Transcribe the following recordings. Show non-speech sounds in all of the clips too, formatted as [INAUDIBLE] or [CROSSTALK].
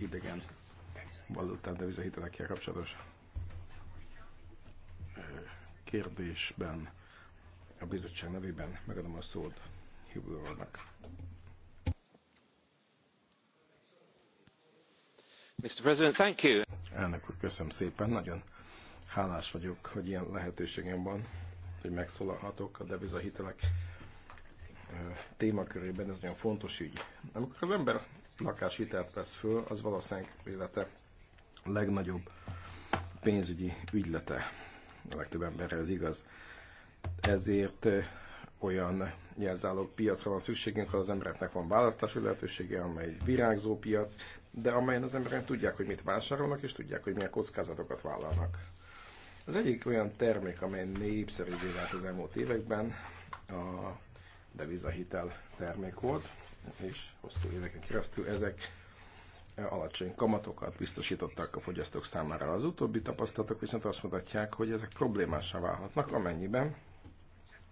idegen valután devizahitelekkel kapcsolatos kérdésben a bizottság nevében megadom a szót Hubelornak. Mr. President, thank you. Elnök úr, köszönöm szépen. Nagyon hálás vagyok, hogy ilyen lehetőségem van, hogy megszólalhatok a devizahitelek témakörében. Ez nagyon fontos ügy. Amikor az ember lakáshitelt vesz föl, az valószínűleg élete legnagyobb pénzügyi ügylete. A legtöbb emberre ez igaz. Ezért eh, olyan jelzáló piacra van szükségünk, ahol az embereknek van választási lehetősége, amely virágzó piac, de amelyen az emberek tudják, hogy mit vásárolnak, és tudják, hogy milyen kockázatokat vállalnak. Az egyik olyan termék, amely népszerűvé vált az elmúlt években, a devizahitel termék volt és hosszú éveken keresztül ezek alacsony kamatokat biztosítottak a fogyasztók számára. Az utóbbi tapasztalatok viszont azt mutatják, hogy ezek problémássá válhatnak, amennyiben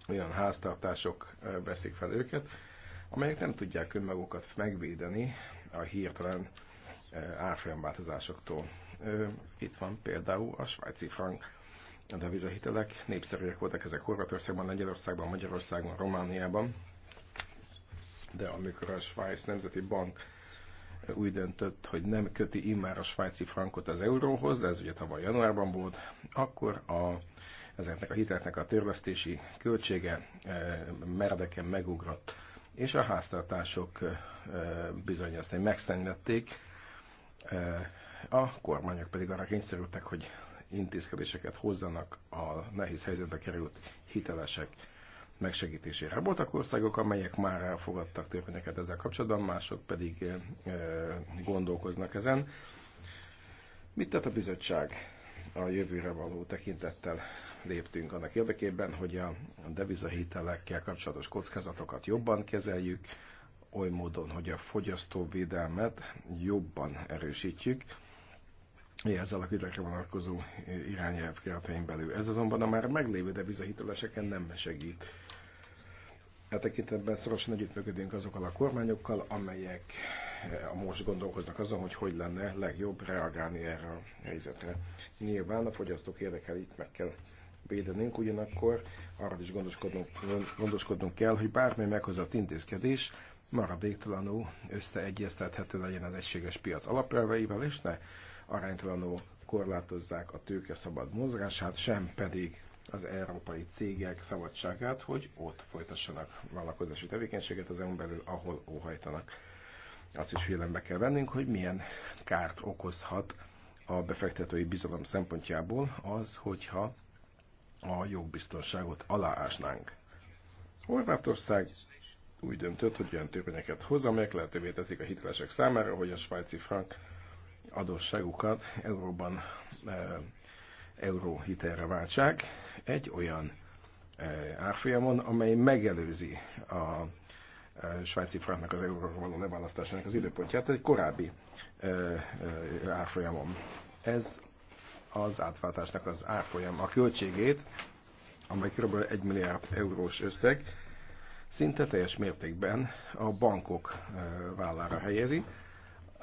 olyan háztartások veszik fel őket, amelyek nem tudják önmagukat megvédeni a hirtelen árfolyamváltozásoktól. Itt van például a svájci frank. devizahitelek népszerűek voltak ezek Horvátországban, Lengyelországban, Magyarországon, Romániában de amikor a Svájc Nemzeti Bank úgy döntött, hogy nem köti immár a svájci frankot az euróhoz, de ez ugye tavaly januárban volt, akkor a, ezeknek a hiteleknek a törlesztési költsége e, meredeken megugrott, és a háztartások e, bizony ezt e, a kormányok pedig arra kényszerültek, hogy intézkedéseket hozzanak a nehéz helyzetbe került hitelesek megsegítésére. Hát voltak országok, amelyek már elfogadtak törvényeket ezzel kapcsolatban, mások pedig eh, gondolkoznak ezen. Mit tett a bizottság a jövőre való tekintettel? Léptünk annak érdekében, hogy a devizahitelekkel kapcsolatos kockázatokat jobban kezeljük, oly módon, hogy a fogyasztóvédelmet jobban erősítjük, ezzel a hitelekre vonatkozó irányelv keretein belül. Ez azonban a már meglévő devizahiteleseken nem segít. E tekintetben szorosan együttműködünk azokkal a kormányokkal, amelyek eh, most gondolkoznak azon, hogy hogy lenne legjobb reagálni erre a helyzetre. Nyilván a fogyasztók itt meg kell védenünk, ugyanakkor arra is gondoskodnunk, gondoskodnunk kell, hogy bármely meghozott intézkedés maradéktalanul összeegyeztethető legyen az egységes piac alapelveivel, és ne aránytalanul korlátozzák a tőke szabad mozgását, sem pedig az európai cégek szabadságát, hogy ott folytassanak vállalkozási tevékenységet az EU-n belül, ahol óhajtanak. Azt is figyelembe kell vennünk, hogy milyen kárt okozhat a befektetői bizalom szempontjából az, hogyha a jogbiztonságot aláásnánk. Horvátország úgy döntött, hogy olyan törvényeket hoz, amelyek lehetővé teszik a hitelesek számára, hogy a svájci frank adósságukat euróban e, euró hitelre váltsák egy olyan e, árfolyamon, amely megelőzi a e, svájci franknak az euróra való leválasztásának az időpontját egy korábbi árfolyamon. Ez az átváltásnak az árfolyam a költségét, amely kb. 1 milliárd eurós összeg, szinte teljes mértékben a bankok vállára helyezi,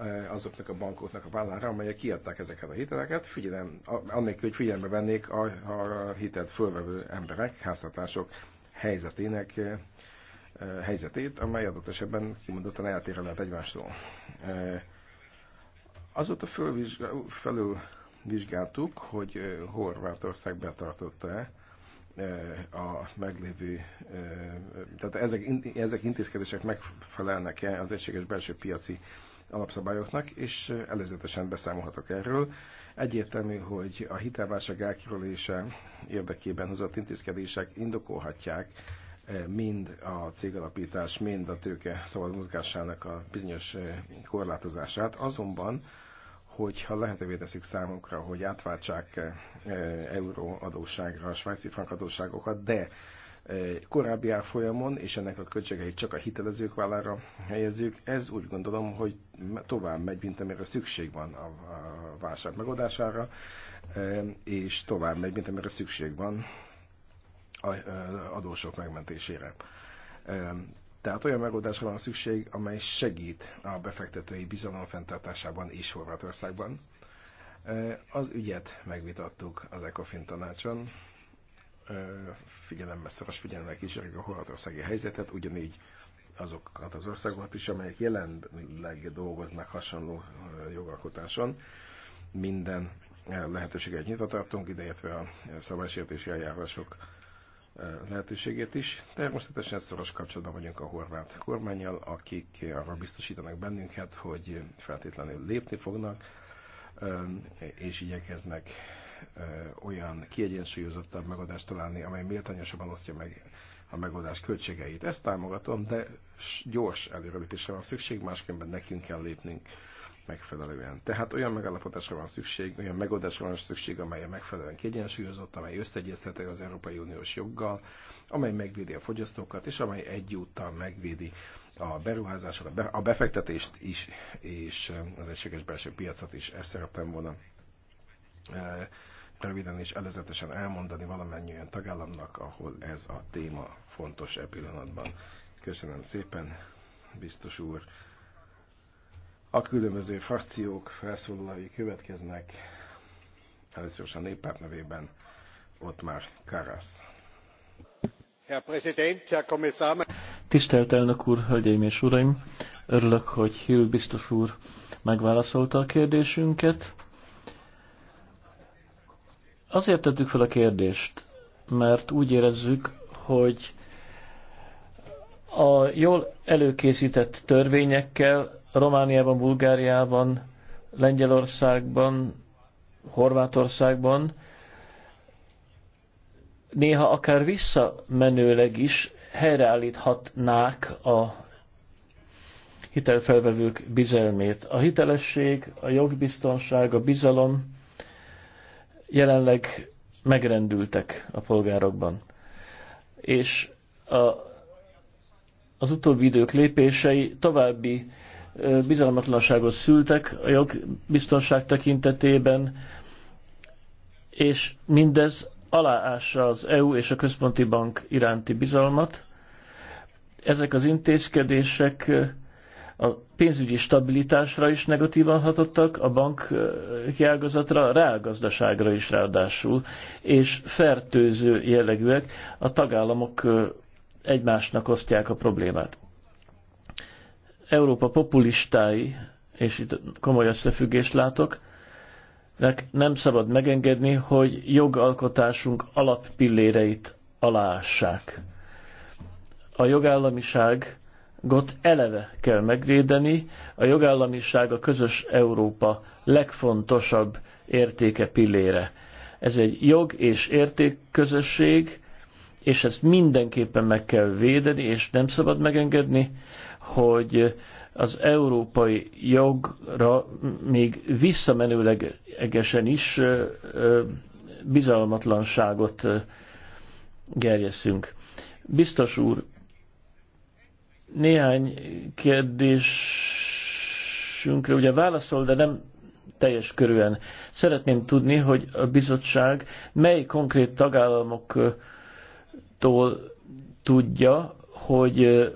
Eh, azoknak a bankoknak a vállára, amelyek kiadták ezeket a hiteleket, figyelem, annélkül, hogy figyelembe vennék a, a hitelt fölvevő emberek, háztartások helyzetének eh, eh, helyzetét, amely adott esetben kimondottan eltérő lehet egymástól. Azóta felülvizsgáltuk, hogy Horvátország betartotta-e a meglévő, tehát ezek, ezek intézkedések megfelelnek-e az egységes belső piaci alapszabályoknak, és előzetesen beszámolhatok erről. Egyértelmű, hogy a hitelválság elkerülése érdekében hozott intézkedések indokolhatják eh, mind a cégalapítás, mind a tőke szabad mozgásának a bizonyos eh, korlátozását. Azonban, hogyha lehetővé teszik számunkra, hogy átváltsák eh, adósságra a svájci frank adósságokat, de Eh, korábbi árfolyamon, és ennek a költségeit csak a hitelezők vállára helyezzük, ez úgy gondolom, hogy tovább megy, mint amire szükség van a válság megoldására, eh, és tovább megy, mint amire szükség van a eh, adósok megmentésére. Tehát olyan megoldásra van szükség, amely segít a befektetői bizalom fenntartásában és Horvátországban. Az ügyet megvitattuk az ECOFIN tanácson, figyelemmel, szoros figyelemmel kísérjük a horvátországi helyzetet, ugyanígy azokat az országokat is, amelyek jelenleg dolgoznak hasonló jogalkotáson. Minden lehetőséget nyitva tartunk, ideértve a szabálysértési eljárások lehetőségét is. Természetesen szoros kapcsolatban vagyunk a horvát kormányjal, akik arra biztosítanak bennünket, hogy feltétlenül lépni fognak, és igyekeznek olyan kiegyensúlyozottabb megoldást találni, amely méltányosabban osztja meg a megoldás költségeit. Ezt támogatom, de gyors előrelépésre van szükség, másképpen nekünk kell lépnünk megfelelően. Tehát olyan megállapodásra van szükség, olyan megoldásra van szükség, amely megfelelően kiegyensúlyozott, amely összeegyeztető az Európai Uniós joggal, amely megvédi a fogyasztókat, és amely egyúttal megvédi a beruházásokat, a befektetést is, és az egységes belső piacot is. Ezt szerettem volna röviden és előzetesen elmondani valamennyi olyan tagállamnak, ahol ez a téma fontos e pillanatban. Köszönöm szépen, biztos úr. A különböző frakciók felszólalói következnek. Először is a néppárt nevében ott már Karasz. Herr Präsident, Herr Kommissar! Tisztelt elnök úr, hölgyeim és uraim! Örülök, hogy Hill biztos úr megválaszolta a kérdésünket Azért tettük fel a kérdést, mert úgy érezzük, hogy a jól előkészített törvényekkel Romániában, Bulgáriában, Lengyelországban, Horvátországban néha akár visszamenőleg is helyreállíthatnák a hitelfelvevők bizelmét. A hitelesség, a jogbiztonság, a bizalom jelenleg megrendültek a polgárokban. És a, az utóbbi idők lépései további bizalmatlanságot szültek a jogbiztonság tekintetében, és mindez aláássa az EU és a központi bank iránti bizalmat. Ezek az intézkedések a pénzügyi stabilitásra is negatívan hatottak, a bank kiágazatra, a reálgazdaságra is ráadásul, és fertőző jellegűek, a tagállamok egymásnak osztják a problémát. Európa populistái, és itt komoly összefüggést látok, nem szabad megengedni, hogy jogalkotásunk alappilléreit alássák. A jogállamiság got eleve kell megvédeni, a jogállamiság a közös Európa legfontosabb értéke pillére. Ez egy jog és érték közösség, és ezt mindenképpen meg kell védeni, és nem szabad megengedni, hogy az európai jogra még visszamenőlegesen is bizalmatlanságot gerjeszünk. Biztos úr, néhány kérdésünkre ugye válaszol, de nem teljes körűen. Szeretném tudni, hogy a bizottság mely konkrét tagállamoktól tudja, hogy eh,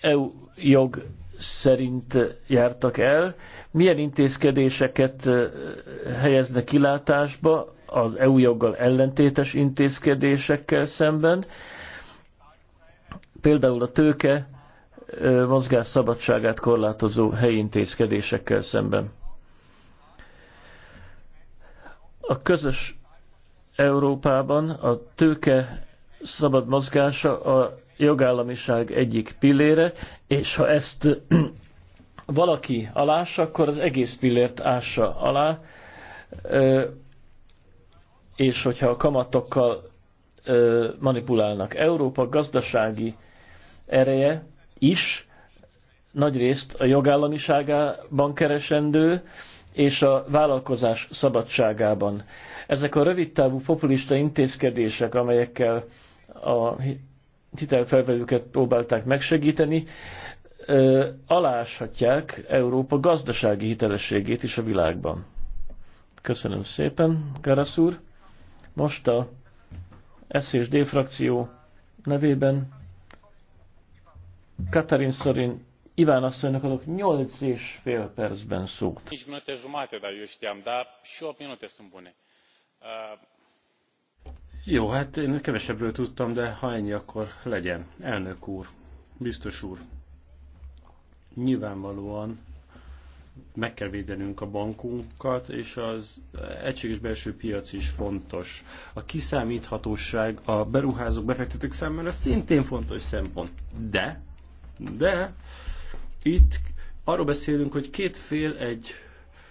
EU jog szerint jártak el, milyen intézkedéseket eh, helyeznek kilátásba az EU joggal ellentétes intézkedésekkel szemben, például a tőke mozgás szabadságát korlátozó helyi intézkedésekkel szemben. A közös Európában a tőke szabad mozgása a jogállamiság egyik pillére, és ha ezt [CLEARS THROAT] valaki alássa, akkor az egész pillért ássa alá, és hogyha a kamatokkal manipulálnak. Európa gazdasági ereje is nagyrészt a jogállamiságában keresendő, és a vállalkozás szabadságában. Ezek a rövidtávú populista intézkedések, amelyekkel a hitelfelvevőket próbálták megsegíteni, aláshatják Európa gazdasági hitelességét is a világban. Köszönöm szépen, Karasz úr. Most a SZSD frakció nevében Katarin Szorin Iván asszonynak adok 8 és fél percben szót. Uh, Jó, hát én kevesebbről tudtam, de ha ennyi, akkor legyen. Elnök úr, biztos úr, nyilvánvalóan meg kell védenünk a bankunkat, és az egységes belső piac is fontos. A kiszámíthatóság a beruházók, befektetők számára szintén fontos szempont. De de itt arról beszélünk, hogy két fél egy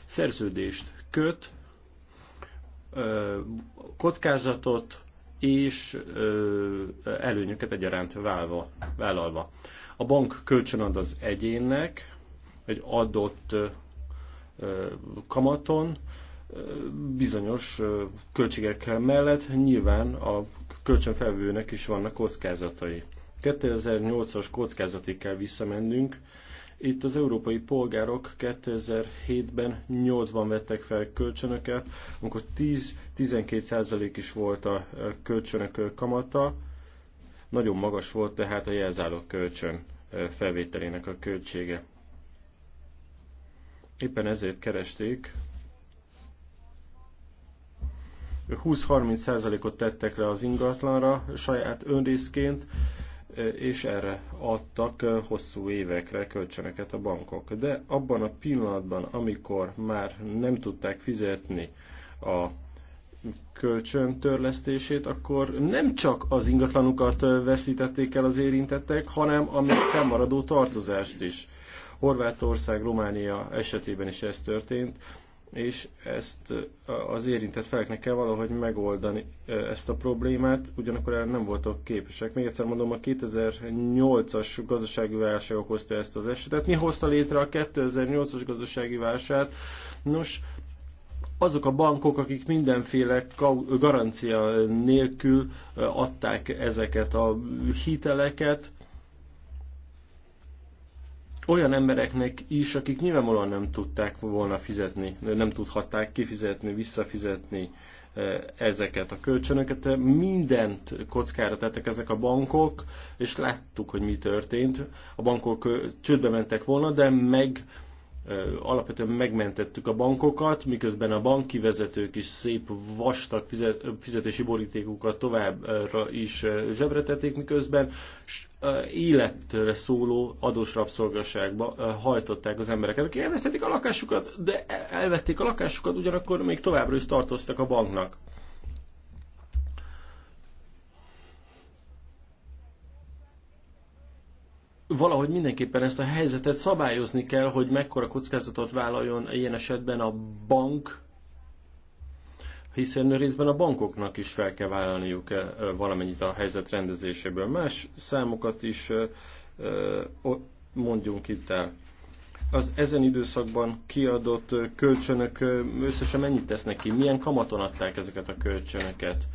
szerződést köt, kockázatot és előnyöket egyaránt válva, vállalva. A bank kölcsönad az egyénnek egy adott kamaton, bizonyos költségek mellett nyilván a kölcsönfelvőnek is vannak kockázatai. 2008-as kockázatig kell visszamennünk. Itt az európai polgárok 2007-ben 8-ban vettek fel kölcsönöket, amikor 10-12 is volt a e, kölcsönök e, kamata. Nagyon magas volt tehát a jelzálók kölcsön e, felvételének a költsége. Éppen ezért keresték 20-30%-ot tettek le az ingatlanra saját önrészként, és erre adtak hosszú évekre kölcsönöket a bankok. De abban a pillanatban, amikor már nem tudták fizetni a kölcsön törlesztését, akkor nem csak az ingatlanukat veszítették el az érintettek, hanem a még fennmaradó tartozást is. Horvátország, Románia esetében is ez történt és ezt az érintett feleknek kell valahogy megoldani ezt a problémát, ugyanakkor erre nem voltak képesek. Még egyszer mondom, a 2008-as gazdasági válság okozta ezt az esetet. Mi hozta létre a 2008-as gazdasági válságot? Nos, azok a bankok, akik mindenféle garancia nélkül adták ezeket a hiteleket, olyan embereknek is, akik nyilvánvalóan nem tudták volna fizetni, nem tudhatták kifizetni, visszafizetni e, ezeket a kölcsönöket. Mindent kockára tettek ezek a bankok, és láttuk, hogy mi történt. A bankok csődbe mentek volna, de meg alapvetően megmentettük a bankokat, miközben a banki vezetők is szép vastag fizetési borítékokat továbbra is zsebretették, miközben életre szóló adós rabszolgaságba hajtották az embereket, akik elvesztették a lakásukat, de e-, elvették a lakásukat, ugyanakkor még továbbra is tartoztak a banknak. valahogy mindenképpen ezt a helyzetet szabályozni kell, hogy mekkora kockázatot vállaljon ilyen esetben a bank, hiszen részben a bankoknak is fel kell vállalniuk eh, valamennyit a helyzet rendezéséből. Más számokat is eh, eh, mondjunk itt el. Az ezen időszakban kiadott kölcsönök összesen mennyit tesznek ki? Milyen kamaton adták ezeket a kölcsönöket?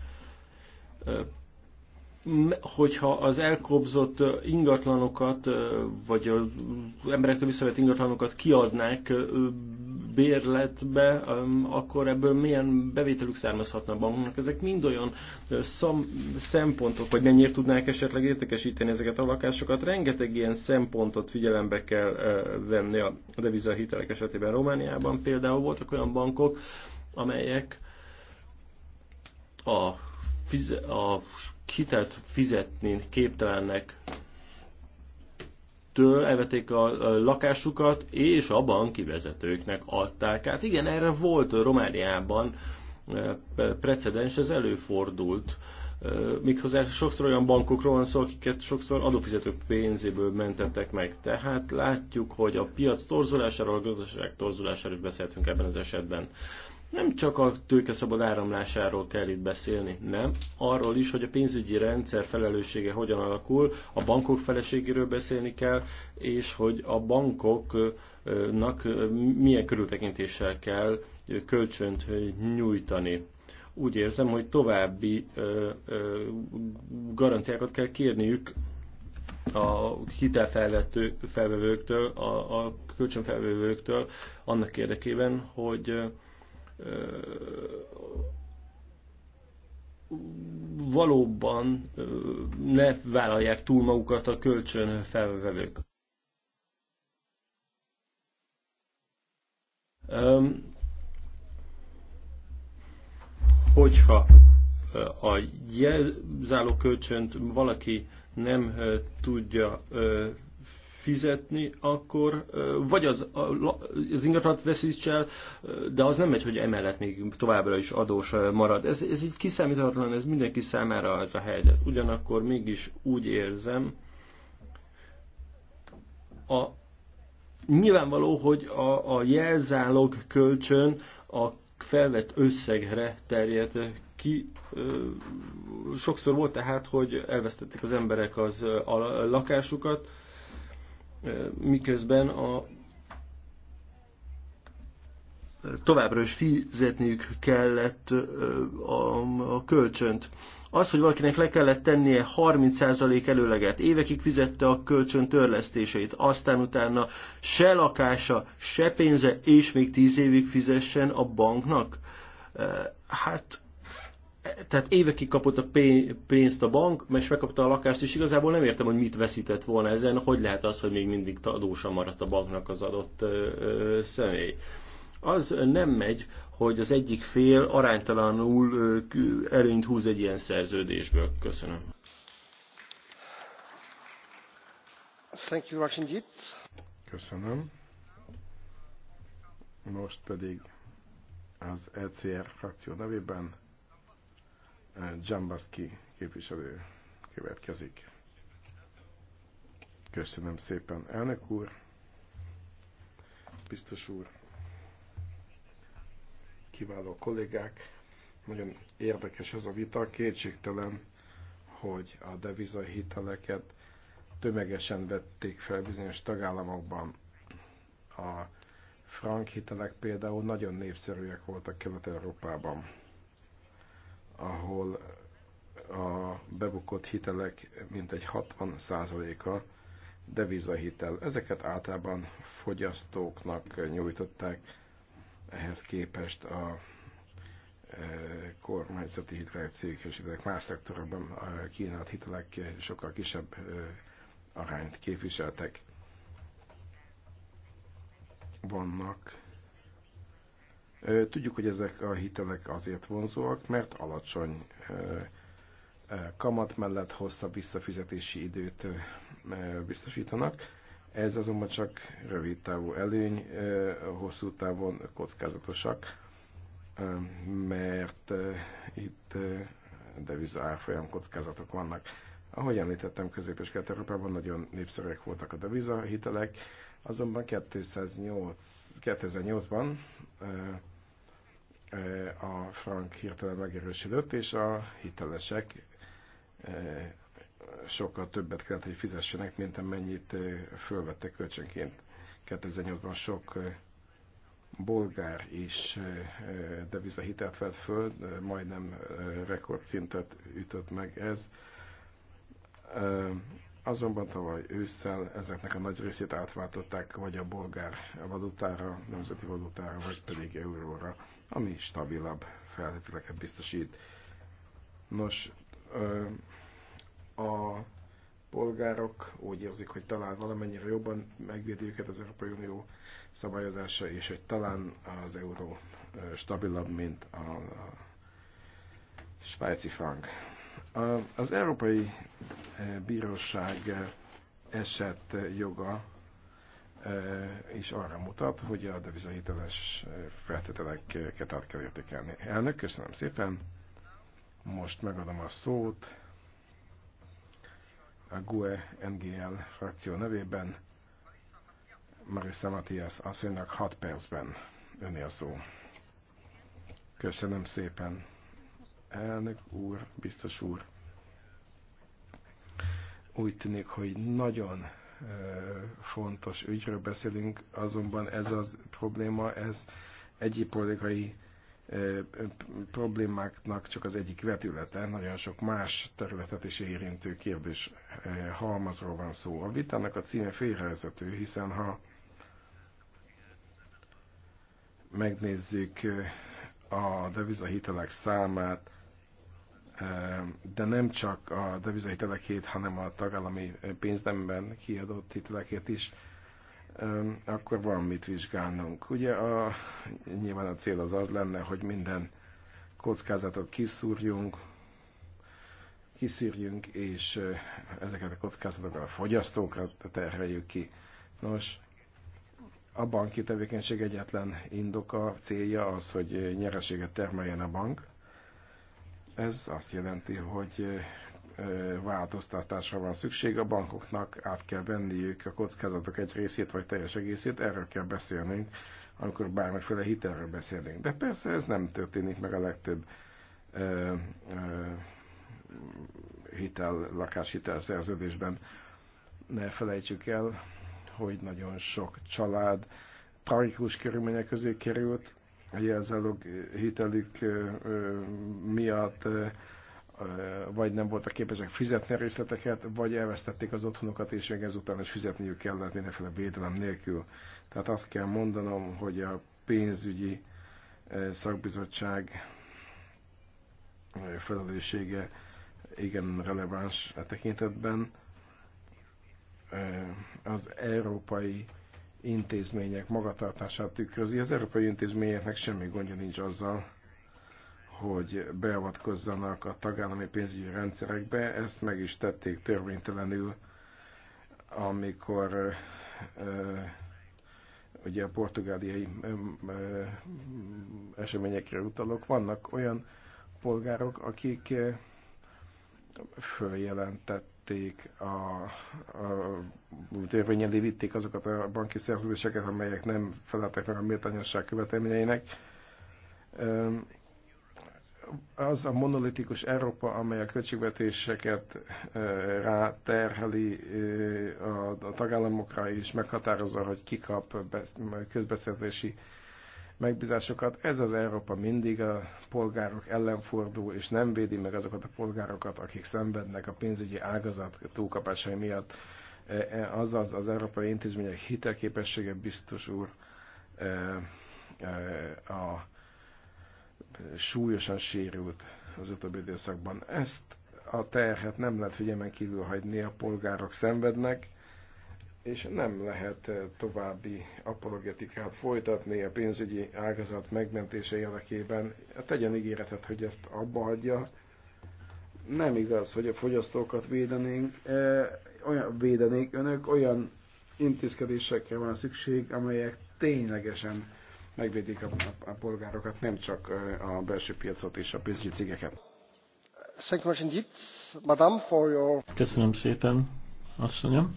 hogyha az elkobzott ingatlanokat, vagy az emberektől visszavett ingatlanokat kiadnák bérletbe, akkor ebből milyen bevételük származhatna a banknak? Ezek mind olyan szam, szempontok, vagy mennyire tudnák esetleg értékesíteni ezeket a lakásokat. Rengeteg ilyen szempontot figyelembe kell venni a devizahitelek esetében. Romániában például voltak olyan bankok, amelyek a, a hitelt fizetni képtelennek től elvették a lakásukat, és a banki vezetőknek adták át. Igen, erre volt Romániában precedens, ez előfordult. Méghozzá sokszor olyan bankokról van szó, akiket sokszor adófizetők pénzéből mentettek meg. Tehát látjuk, hogy a piac torzulásáról, a gazdaság torzulásáról is beszéltünk ebben az esetben. Nem csak a tőke szabad áramlásáról kell itt beszélni, nem. Arról is, hogy a pénzügyi rendszer felelőssége hogyan alakul, a bankok feleségéről beszélni kell, és hogy a bankoknak milyen körültekintéssel kell kölcsönt nyújtani. Úgy érzem, hogy további garanciákat kell kérniük a hitelfelvevőktől, a, a kölcsönfelvevőktől annak érdekében, hogy valóban ne vállalják túl magukat a kölcsön felvevők. Hogyha a jelzáló kölcsönt valaki nem tudja fizetni, akkor vagy az, az ingatlan veszíts el, de az nem megy, hogy emellett még továbbra is adós marad. Ez, ez így kiszámíthatatlan, ez mindenki számára ez a helyzet. Ugyanakkor mégis úgy érzem, a, nyilvánvaló, hogy a, a jelzálog kölcsön a felvett összegre terjed ki. Sokszor volt tehát, hogy elvesztették az emberek az, a lakásukat, miközben a továbbra is fizetniük kellett a, a kölcsönt. Az, hogy valakinek le kellett tennie 30% előleget, évekig fizette a kölcsön törlesztéseit, aztán utána se lakása, se pénze, és még 10 évig fizessen a banknak, hát tehát évekig kapott a pénzt a bank, és megkapta a lakást, és igazából nem értem, hogy mit veszített volna ezen, hogy lehet az, hogy még mindig adósa maradt a banknak az adott személy. Az nem megy, hogy az egyik fél aránytalanul előnyt húz egy ilyen szerződésből. Köszönöm. Thank you, Köszönöm. Most pedig az ECR frakció nevében Jambaski képviselő következik. Köszönöm szépen, elnök úr, biztos úr, kiváló kollégák. Nagyon érdekes ez a vita, kétségtelen, hogy a hiteleket tömegesen vették fel bizonyos tagállamokban. A frank hitelek például nagyon népszerűek voltak Kelet-Európában ahol a bebukott hitelek mintegy 60%-a devizahitel. Ezeket általában fogyasztóknak nyújtották, ehhez képest a e, kormányzati hitelek, céges hitelek, más szektorokban e, kínált hitelek sokkal kisebb e, arányt képviseltek. Vannak Tudjuk, hogy ezek a hitelek azért vonzóak, mert alacsony kamat mellett hosszabb visszafizetési időt biztosítanak. Ez azonban csak rövid távú előny, hosszú távon kockázatosak, mert itt deviza árfolyam kockázatok vannak. Ahogy említettem, Közép- és Kelet-Európában nagyon népszerűek voltak a deviza hitelek, azonban 208, 2008-ban a frank hirtelen megerősödött, és a hitelesek sokkal többet kellett, hogy fizessenek, mint amennyit fölvettek kölcsönként. 2008-ban sok bolgár is devizahitelt vett föl, majdnem rekordszintet ütött meg ez Azonban tavaly ősszel ezeknek a nagy részét átváltották vagy a bolgár valutára, nemzeti valutára, vagy pedig euróra, ami stabilabb feltételeket biztosít. Nos, a polgárok úgy érzik, hogy talán valamennyire jobban megvédi őket az Európai Unió szabályozása, és hogy talán az euró stabilabb, mint a, a svájci frank. Az Európai eh, Bíróság eh, eset joga eh, is arra mutat, hogy a devizahiteles feltételeket át kell értékelni. Elnök, köszönöm szépen. Most megadom a szót a GUE NGL frakció nevében Marissa Matias asszonynak 6 percben önél szó. Köszönöm szépen elnök úr, biztos úr. Úgy tűnik, hogy nagyon fontos ügyről beszélünk, azonban ez az probléma, ez egyéb politikai problémáknak csak az egyik vetülete, nagyon sok más területet is érintő kérdés halmazról van szó. A vitának a címe félrevezető, hiszen ha megnézzük a devizahitelek számát, de nem csak a devizai telekét, hanem a tagállami pénzdemben kiadott hitelekét is, akkor van mit vizsgálnunk. Ugye a, nyilván a cél az az lenne, hogy minden kockázatot kiszúrjunk, kiszűrjünk, és ezeket a kockázatokat a fogyasztókra terheljük ki. Nos, a banki tevékenység egyetlen indoka, célja az, hogy nyereséget termeljen a bank, ez azt jelenti, hogy változtatásra van szükség, a bankoknak át kell venniük a kockázatok egy részét vagy teljes egészét, erről kell beszélnünk, amikor bármiféle hitelről beszélünk. De persze ez nem történik meg a legtöbb ö, ö, hitel, lakáshitel szerződésben. Ne felejtsük el, hogy nagyon sok család tragikus körülmények közé került, jelzálog hitelük miatt vagy nem voltak képesek fizetni a részleteket, vagy elvesztették az otthonokat, és ezután is fizetniük kellett mindenféle védelem nélkül. Tehát azt kell mondanom, hogy a pénzügyi szakbizottság felelőssége igen releváns a e tekintetben. Az európai intézmények magatartását tükrözi. Az európai intézményeknek semmi gondja nincs azzal, hogy beavatkozzanak a tagállami pénzügyi rendszerekbe. Ezt meg is tették törvénytelenül, amikor ugye a portugáliai eseményekre utalok, vannak olyan polgárok, akik följelentett vitték a, a törvényen vitték azokat a banki szerződéseket, amelyek nem feleltek meg a méltányosság követelményeinek. Az a monolitikus Európa, amely a költségvetéseket ráterheli a tagállamokra, és meghatározza, hogy ki kap közbeszerzési megbízásokat. Ez az Európa mindig a polgárok ellen fordul, és nem védi meg azokat a polgárokat, akik szenvednek a pénzügyi ágazat túlkapásai miatt. E, e, azaz az Európai Intézmények hitelképessége biztos úr e, a súlyosan sérült az utóbbi időszakban. Ezt a terhet nem lehet figyelmen kívül hagyni, a polgárok szenvednek, és nem lehet eh, további apologetikát folytatni a pénzügyi ágazat megmentése érdekében. Tegyen ígéretet, hogy ezt abba adja. Nem igaz, hogy a fogyasztókat védenénk, eh, olyan védenék önök, olyan intézkedésekre van szükség, amelyek ténylegesen megvédik a, a, a polgárokat, nem csak eh, a belső piacot és a pénzügyi cégeket. Köszönöm szépen, asszonyom.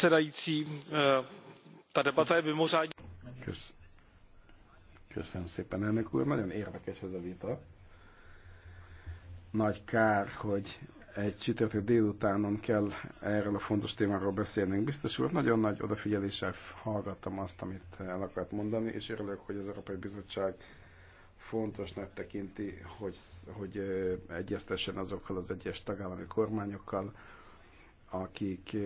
předsedající eh, ta debata je mimořádně. Köszönöm szépen, elnök úr. Nagyon érdekes ez a vita. Nagy kár, hogy egy csütörtök délutánon kell erről a fontos témáról beszélnünk. Biztos úr, nagyon nagy odafigyeléssel hallgattam azt, amit el akart mondani, és örülök, hogy az Európai Bizottság fontosnak tekinti, hogy, hogy egyeztessen azokkal az egyes tagállami kormányokkal, akik eh,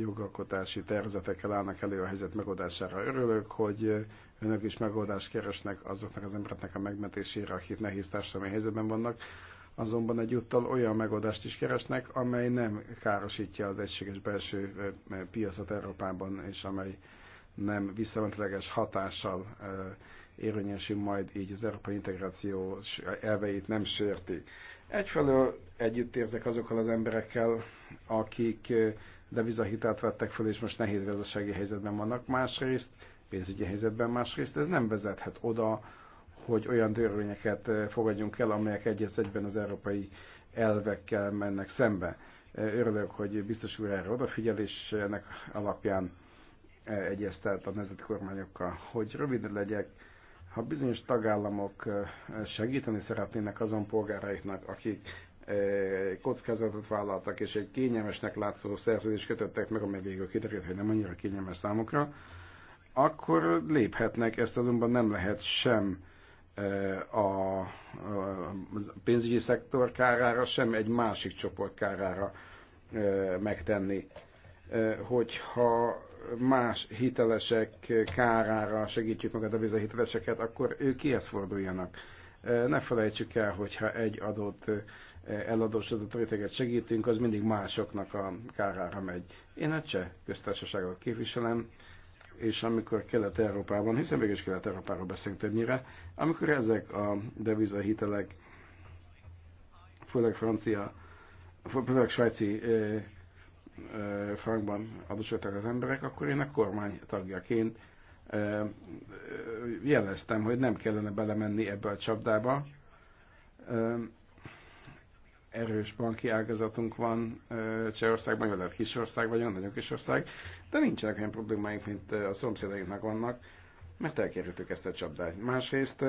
jogalkotási tervezetekkel állnak elő a helyzet megoldására. Örülök, hogy eh, önök is megoldást keresnek azoknak az embereknek a megmentésére, akik nehéz társadalmi helyzetben vannak, azonban egyúttal olyan megoldást is keresnek, amely nem károsítja az egységes belső eh, piacot Európában, és amely nem visszamentleges hatással érvényesül majd, így az európai integrációs elveit nem sérti. Egyfelől együtt érzek azokkal az emberekkel, akik devizahitelt vettek föl, és most nehéz gazdasági helyzetben vannak másrészt, pénzügyi helyzetben másrészt. Ez nem vezethet oda, hogy olyan törvényeket fogadjunk el, amelyek egyes egyben az európai elvekkel mennek szembe. Örülök, hogy biztos úr erre odafigyel, és ennek alapján egyeztelt a nemzeti kormányokkal, hogy rövid legyek, ha bizonyos tagállamok segíteni szeretnének azon polgáraiknak, akik kockázatot vállaltak, és egy kényelmesnek látszó szerződést kötöttek meg, amely végül kiderült, hogy nem annyira kényelmes számukra, akkor léphetnek, ezt azonban nem lehet sem a pénzügyi szektor kárára, sem egy másik csoport kárára megtenni. Hogyha más hitelesek kárára segítjük meg a hiteleseket, akkor ők kihez forduljanak. Ne felejtsük el, hogyha egy adott eladósodott réteget segítünk, az mindig másoknak a kárára megy. Én a cseh köztársaságot képviselem, és amikor Kelet-Európában, hiszen végül is Kelet-Európáról beszélünk többnyire, amikor ezek a devizahitelek, főleg francia, főleg svájci ö, ö, frankban adósodtak az emberek, akkor én a kormány tagjaként ö, jeleztem, hogy nem kellene belemenni ebbe a csapdába, erős banki ágazatunk van Csehországban, vagy lehet kis ország vagyunk, nagyon kis ország, de nincsenek olyan problémáink, mint a szomszédainknak vannak, mert elkerültük ezt a csapdát. Másrészt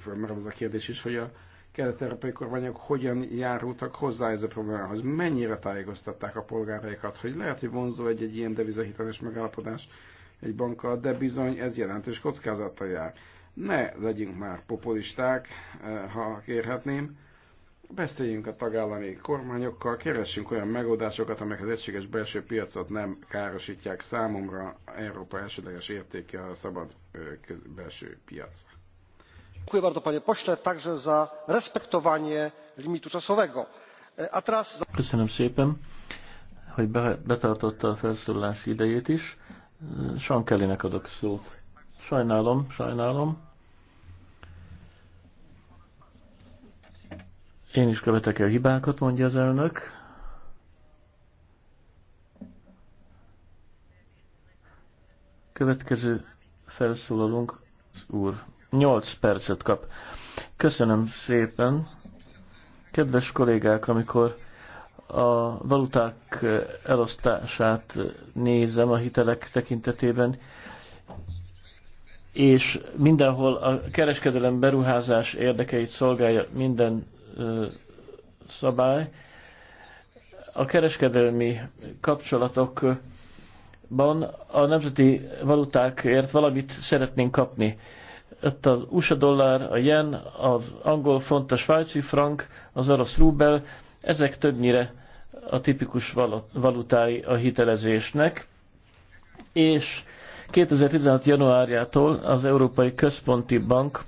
fölmerül az a kérdés is, hogy a kelet-európai kormányok hogyan járultak hozzá ez a problémához, mennyire tájékoztatták a polgáraikat, hogy lehet, hogy vonzó egy, egy ilyen devizahiteles megállapodás egy bankkal, de bizony ez jelentős kockázattal jár. Ne legyünk már populisták, ha kérhetném, Beszéljünk a tagállami kormányokkal, keressünk olyan megoldásokat, amelyek az egységes belső piacot nem károsítják számomra. Európa elsődleges értéke a szabad belső piac. Dziękuję bardzo panie pośle, także za respektowanie limitu czasowego. E, a teraz... Köszönöm szépen, hogy be, betartotta a felszólalás idejét is. E, Sean Kellynek adok szót. Sajnálom, sajnálom. Én is követek el hibákat, mondja az elnök. Következő felszólalunk az úr. 8 percet kap. Köszönöm szépen. Kedves kollégák, amikor a valuták elosztását nézem a hitelek tekintetében, és mindenhol a kereskedelem beruházás érdekeit szolgálja minden szabály. A kereskedelmi kapcsolatokban a nemzeti valutákért valamit szeretnénk kapni. Itt az USA dollár, a yen, az angol font, a svájci frank, az orosz rubel, ezek többnyire a tipikus valutái a hitelezésnek, és 2016. januárjától az Európai Központi Bank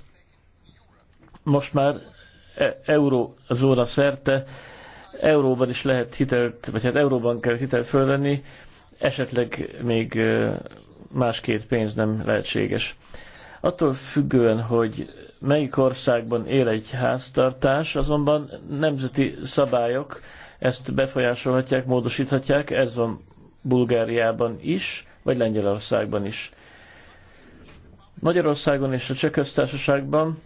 most már E, eurózóna szerte euróban is lehet hitelt, vagy hát euróban kell hitelt fölvenni, esetleg még e, másképp pénz nem lehetséges. Attól függően, hogy melyik országban él egy háztartás, azonban nemzeti szabályok ezt befolyásolhatják, módosíthatják, ez van Bulgáriában is, vagy Lengyelországban is. Magyarországon és a Csehköztársaságban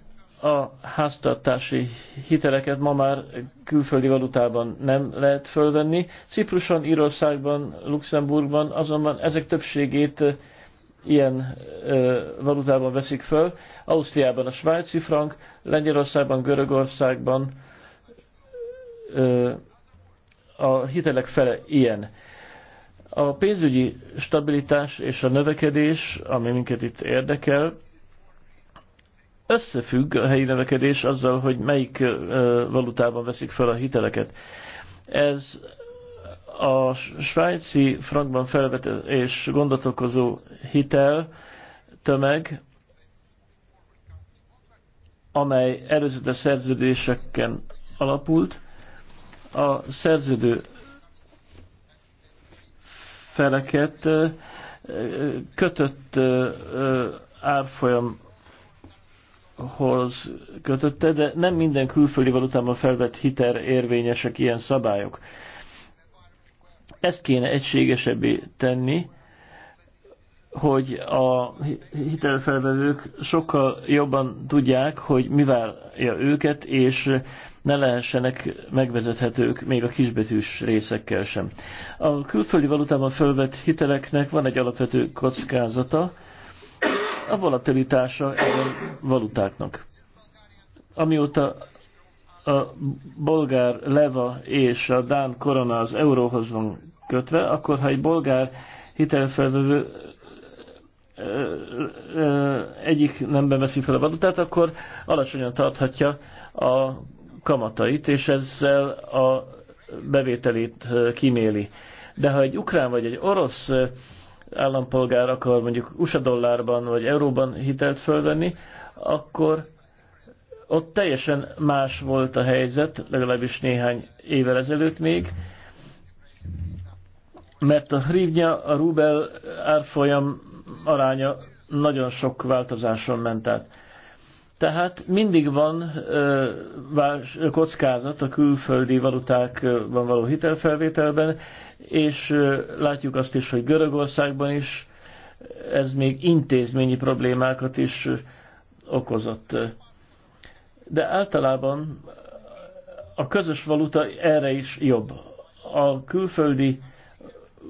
a háztartási hiteleket ma már külföldi valutában nem lehet fölvenni. Cipruson, Írországban, Luxemburgban azonban ezek többségét ilyen ö, valutában veszik föl. Ausztriában a svájci frank, Lengyelországban, Görögországban ö, a hitelek fele ilyen. A pénzügyi stabilitás és a növekedés, ami minket itt érdekel, összefügg a helyi növekedés azzal, hogy melyik valutában veszik fel a hiteleket. Ez a svájci frankban felvet és gondot okozó hitel tömeg, amely előzetes szerződéseken alapult, a szerződő feleket kötött árfolyam hoz kötötte, de nem minden külföldi valutában felvett hitel érvényesek ilyen szabályok. Ezt kéne egységesebbé tenni, hogy a hitelfelvevők sokkal jobban tudják, hogy mi várja őket, és ne lehessenek megvezethetők még a kisbetűs részekkel sem. A külföldi valutában felvett hiteleknek van egy alapvető kockázata, a volatilitása a valutáknak. Amióta a bolgár leva és a dán korona az euróhoz van kötve, akkor ha egy bolgár hitelfelvevő egyik nem veszi fel a valutát, akkor alacsonyan tarthatja a kamatait, és ezzel a bevételét kíméli. De ha egy ukrán vagy egy orosz állampolgár akar mondjuk USA dollárban vagy euróban hitelt fölvenni, akkor ott teljesen más volt a helyzet, legalábbis néhány évvel ezelőtt még, mert a hrivnya, a rubel árfolyam aránya nagyon sok változáson ment át. Tehát mindig van kockázat a külföldi valutákban való hitelfelvételben, és látjuk azt is, hogy Görögországban is ez még intézményi problémákat is okozott. De általában a közös valuta erre is jobb. A külföldi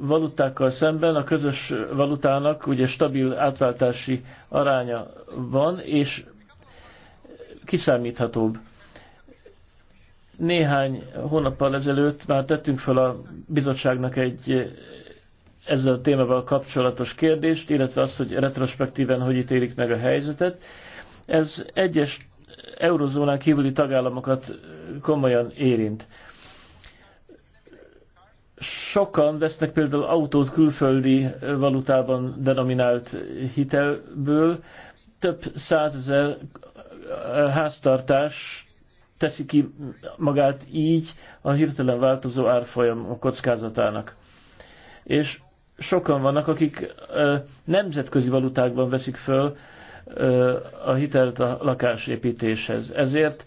valutákkal szemben a közös valutának ugye stabil átváltási aránya van, és kiszámíthatóbb. Néhány hónappal ezelőtt már tettünk fel a bizottságnak egy eh, ezzel a témával kapcsolatos kérdést, illetve azt, hogy retrospektíven hogy ítélik meg a helyzetet. Ez egyes eurozónán kívüli tagállamokat eh, komolyan érint. Sokan vesznek például autót külföldi eh, valutában denominált hitelből, több százezer háztartás teszi ki magát így a hirtelen változó árfolyam kockázatának. És sokan vannak, akik nemzetközi valutákban veszik föl a hitelt a lakásépítéshez. Ezért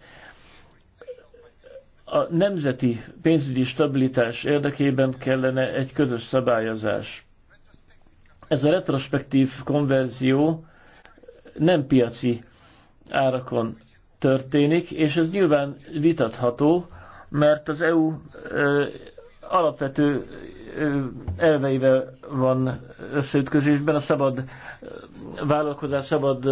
a nemzeti pénzügyi stabilitás érdekében kellene egy közös szabályozás. Ez a retrospektív konverzió nem piaci árakon történik, és ez nyilván vitatható, mert az EU alapvető elveivel van összeütközésben a szabad vállalkozás, szabad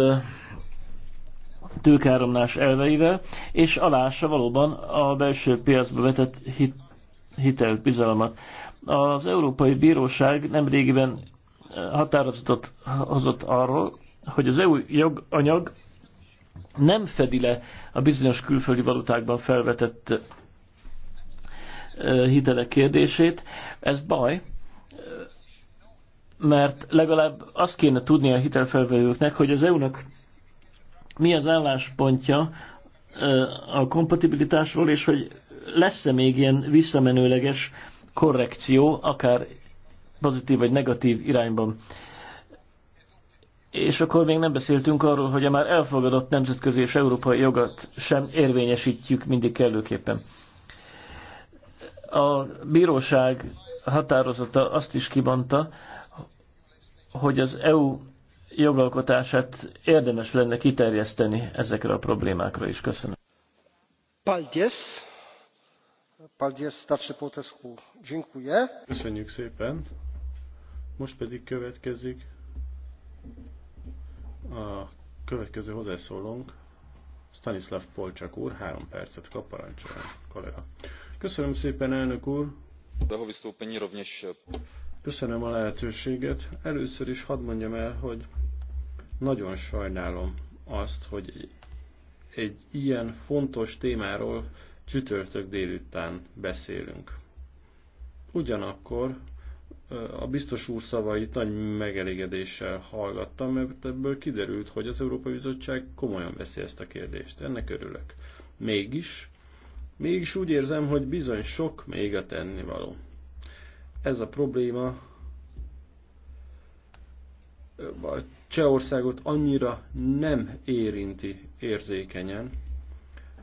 tőkáromlás elveivel, és alása valóban a belső piacba vetett hit, hitelt, bizalmat. Az Európai Bíróság nemrégiben határozatot hozott arról, hogy az EU joganyag nem fedi le a bizonyos külföldi valutákban felvetett hitelek kérdését. Ez baj, mert legalább azt kéne tudni a hitelfelvevőknek, hogy az EU-nak mi az álláspontja a kompatibilitásról, és hogy lesz-e még ilyen visszamenőleges korrekció, akár pozitív vagy negatív irányban. És akkor még nem beszéltünk arról, hogy a már elfogadott nemzetközi és európai jogat sem érvényesítjük mindig kellőképpen. A bíróság határozata azt is kibanta, hogy az EU jogalkotását érdemes lenne kiterjeszteni ezekre a problémákra is. Köszönöm. Paldies. Paldies, Köszönjük szépen. Most pedig következik a következő hozzászólónk Stanislav Polcsak úr, három percet kap, parancsoljon, kollega. Köszönöm szépen, elnök úr. Köszönöm a lehetőséget. Először is hadd mondjam el, hogy nagyon sajnálom azt, hogy egy ilyen fontos témáról csütörtök délután beszélünk. Ugyanakkor a biztos úr szavait nagy megelégedéssel hallgattam, mert ebből kiderült, hogy az Európai Bizottság komolyan veszi ezt a kérdést. Ennek örülök. Mégis, mégis úgy érzem, hogy bizony sok még a tennivaló. Ez a probléma a Csehországot annyira nem érinti érzékenyen,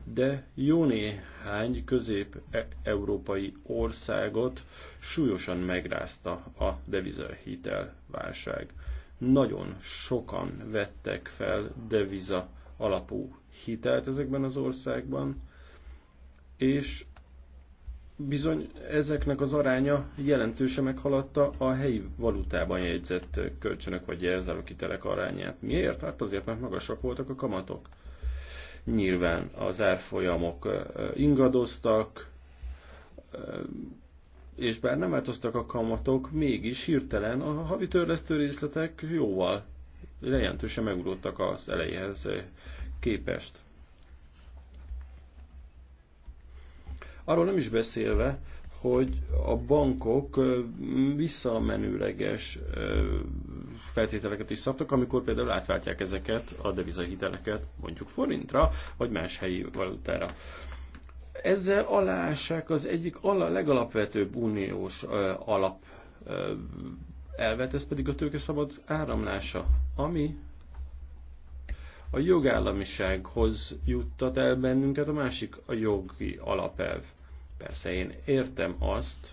de jó néhány közép-európai országot súlyosan megrázta a devizahitel válság. Nagyon sokan vettek fel deviza alapú hitelt ezekben az országban, és bizony ezeknek az aránya jelentősen meghaladta a helyi valutában jegyzett kölcsönök vagy jelzálókitelek arányát. Miért? Hát azért, mert magasak voltak a kamatok. Nyilván az árfolyamok ingadoztak, és bár nem változtak a kamatok, mégis hirtelen a havi törlesztő részletek jóval lejelentősen megugródtak az elejéhez képest. Arról nem is beszélve, hogy a bankok visszamenőleges feltételeket is szabtak, amikor például átváltják ezeket a devizahiteleket mondjuk forintra, vagy más helyi valutára. Ezzel alássák az egyik ala, legalapvetőbb uniós alap elvet, ez pedig a tőkeszabad áramlása, ami a jogállamisághoz juttat el bennünket a másik, a jogi alapelv. Persze én értem azt,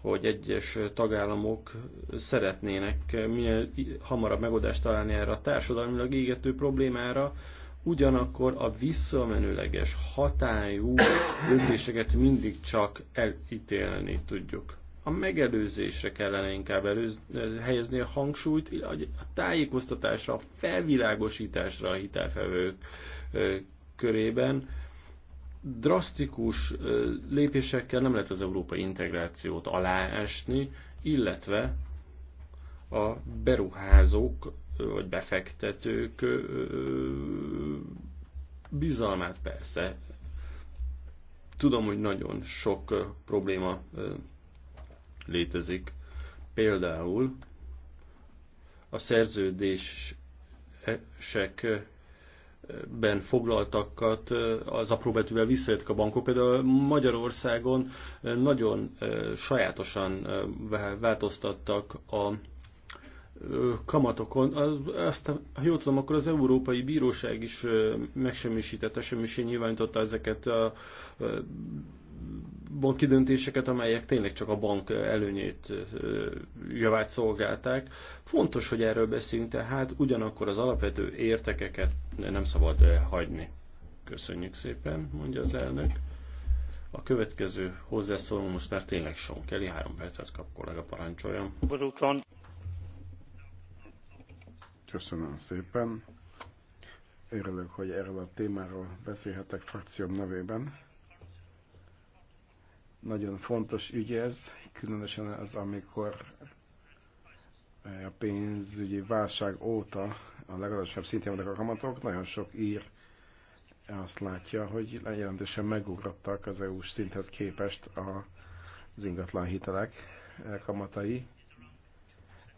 hogy egyes tagállamok szeretnének minél hamarabb megoldást találni erre a társadalmilag égető problémára, ugyanakkor a visszamenőleges hatályú döntéseket mindig csak elítélni tudjuk. A megelőzésre kellene inkább előz, helyezni a hangsúlyt, a tájékoztatásra, a felvilágosításra a hitelfevők körében, drasztikus lépésekkel nem lehet az európai integrációt aláesni, illetve a beruházók vagy befektetők bizalmát persze. Tudom, hogy nagyon sok probléma létezik. Például a szerződések ben foglaltakat az apró betűvel visszajöttek a bankok. Például Magyarországon nagyon sajátosan változtattak a kamatokon. Azt, ha jól tudom, akkor az Európai Bíróság is megsemmisítette, semmisé nyilvánította ezeket a banki döntéseket, amelyek tényleg csak a bank előnyét, javát szolgálták. Fontos, hogy erről beszélünk, tehát ugyanakkor az alapvető értekeket nem szabad hagyni. Köszönjük szépen, mondja az elnök. A következő hozzászóló most már tényleg son Kelly, három percet kap kollega parancsoljon. Köszönöm szépen. Örülök, hogy erről a témáról beszélhetek frakcióm nevében nagyon fontos ügy ez, különösen az, amikor eh, a pénzügyi válság óta a legalacsonyabb szintén vannak a kamatok, nagyon sok ír azt látja, hogy jelentősen megugrottak az EU-s szinthez képest az ingatlan hitelek eh, kamatai,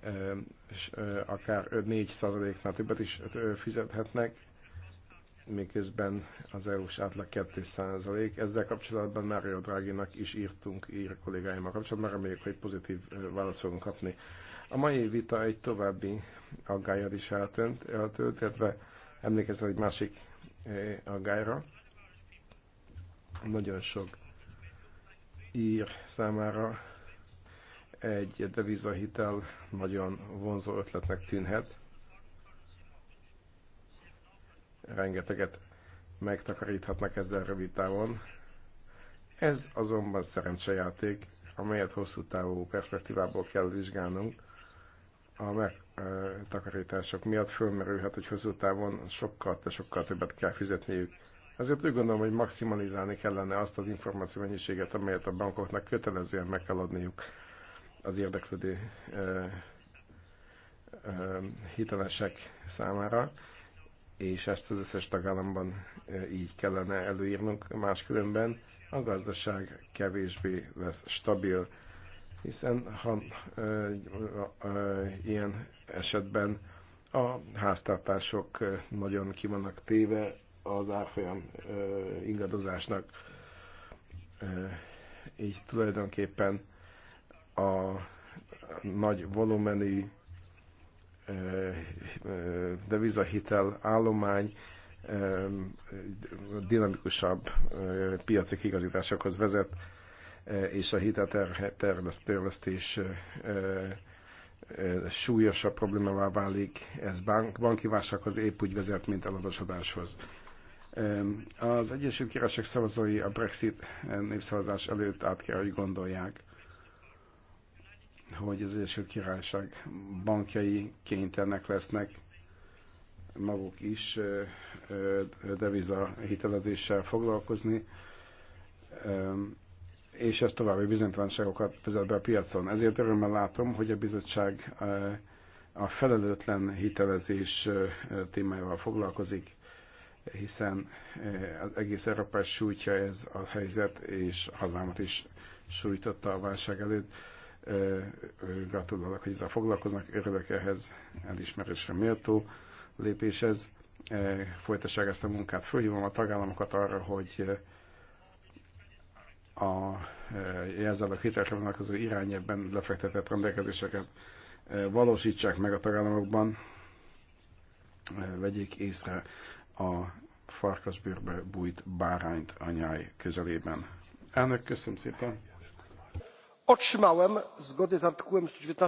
eh, és akár 4%-nál többet is fizethetnek miközben az EU-s átlag 2%. Ezzel kapcsolatban Mário Draghi-nak is írtunk ír a kollégáimmal kapcsolatban, reméljük, hogy pozitív választ fogunk kapni. A mai vita egy további aggályad is eltönt, eltölt, illetve emlékezett egy másik aggályra. Nagyon sok ír számára egy devizahitel nagyon vonzó ötletnek tűnhet, rengeteget megtakaríthatnak ezzel rövid távon. Ez azonban szerencsejáték, amelyet hosszú távú perspektívából kell vizsgálnunk. A megtakarítások miatt fölmerülhet, hogy hosszú távon sokkal, de sokkal többet kell fizetniük. Ezért úgy gondolom, hogy maximalizálni kellene azt az információ mennyiséget, amelyet a bankoknak kötelezően meg kell adniuk az érdeklődő ö, ö, hitelesek számára és ezt az összes tagállamban e, így kellene előírnunk, máskülönben a gazdaság kevésbé lesz stabil, hiszen ha e, e, e, ilyen esetben a háztartások e, nagyon kimannak téve az árfolyam e, ingadozásnak, e, így tulajdonképpen a nagy volumenű devizahitel állomány dinamikusabb piaci kigazításokhoz vezet, és a hiteltervesztés súlyosabb problémává válik, ez bank, banki válsághoz épp úgy vezet, mint eladósodáshoz. Az Egyesült Királyság szavazói a Brexit népszavazás előtt át kell, hogy gondolják, hogy az első Királyság bankjai kénytelenek lesznek maguk is deviza hitelezéssel foglalkozni, és ez további bizonytalanságokat vezet be a piacon. Ezért örömmel látom, hogy a bizottság a felelőtlen hitelezés témájával foglalkozik, hiszen az egész Európás sújtja ez a helyzet, és hazámat is sújtotta a válság előtt Gratulálok, hogy ezzel foglalkoznak, örülök ehhez, elismerésre méltó lépés ez. Folytassák ezt a munkát, fölhívom a tagállamokat arra, hogy a jelzálog hitelekre vonatkozó irányában lefektetett rendelkezéseket valósítsák meg a tagállamokban, vegyék észre a farkasbőrbe bújt bárányt anyáj közelében. Elnök, köszönöm szépen! otrzymałem zgodnie z artykułem sto.